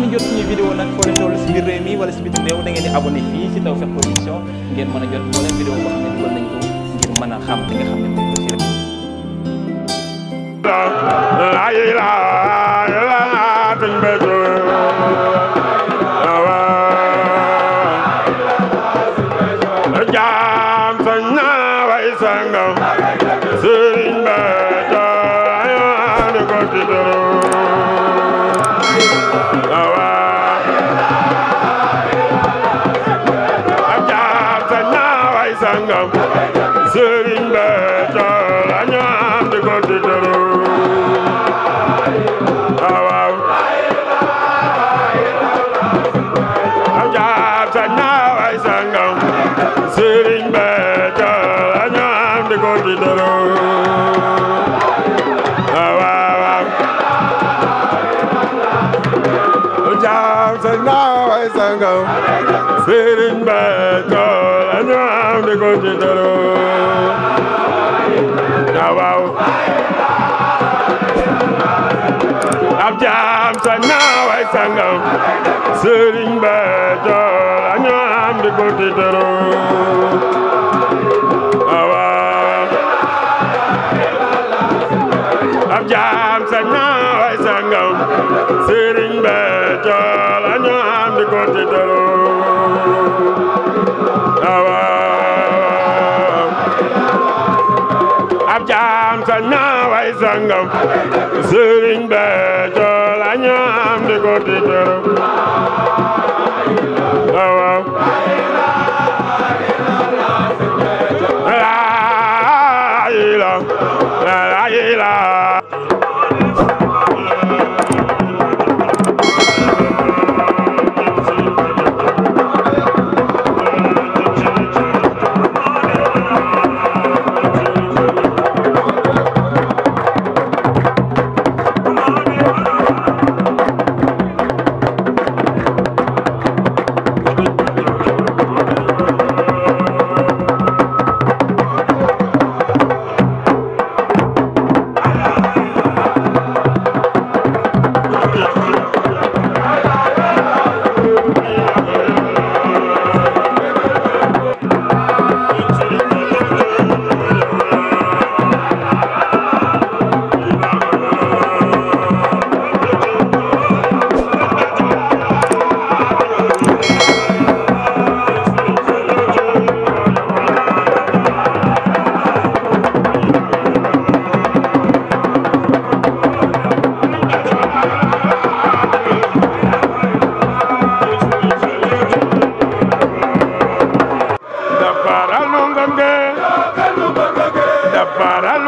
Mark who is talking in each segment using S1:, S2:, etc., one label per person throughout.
S1: ngeen jot suñu vidéo nag foo leen toll si biir réew mi wala si biti réew da ngeen di abonné fii si Tawfekh ngeen mën a jot moo leen sangam sëriñ Béthio la ñu am di ko tiitaru waaw waaw jaab sañ na way sangam sëriñ Béthio la ñu am di ko tiitaru waaw waaw jaab sañ na way sangam ko tiitaroo na ab jaam sa sangam sëriñ ba jool a am di ko tiitaroo ab jaam sa sangam sëriñ ba jool a am di ko tiitaroo ab jaam sa sangam sëriñ Béthio la ñu di ko di tëru waaw waaw la ilaha illallah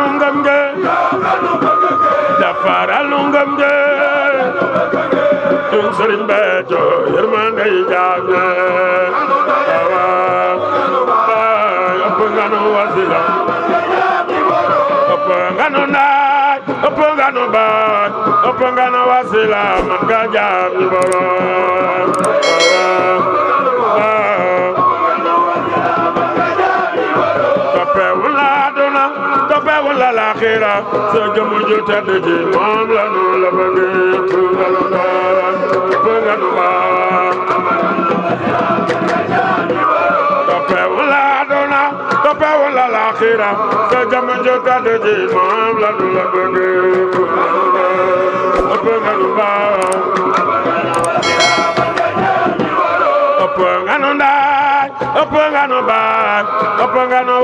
S1: lu ngëm nge jafaralu ngëm nge jung sëriñ Béthio yërmande yi jaam ña ëpp nga nu wasila ëpp nga nu naaj ëpp nga nu baat ëpp nga nu wasila man nga jaam ñi borom xiira sa jëmm ju tedd ji moom la nu la bëgg fu nga nu baawaan fu nga nu baawaan toppewu la aduna toppewu la la xiira sa jëmm ju tedd ji moom la nu la bëgg fu nga nu baawaan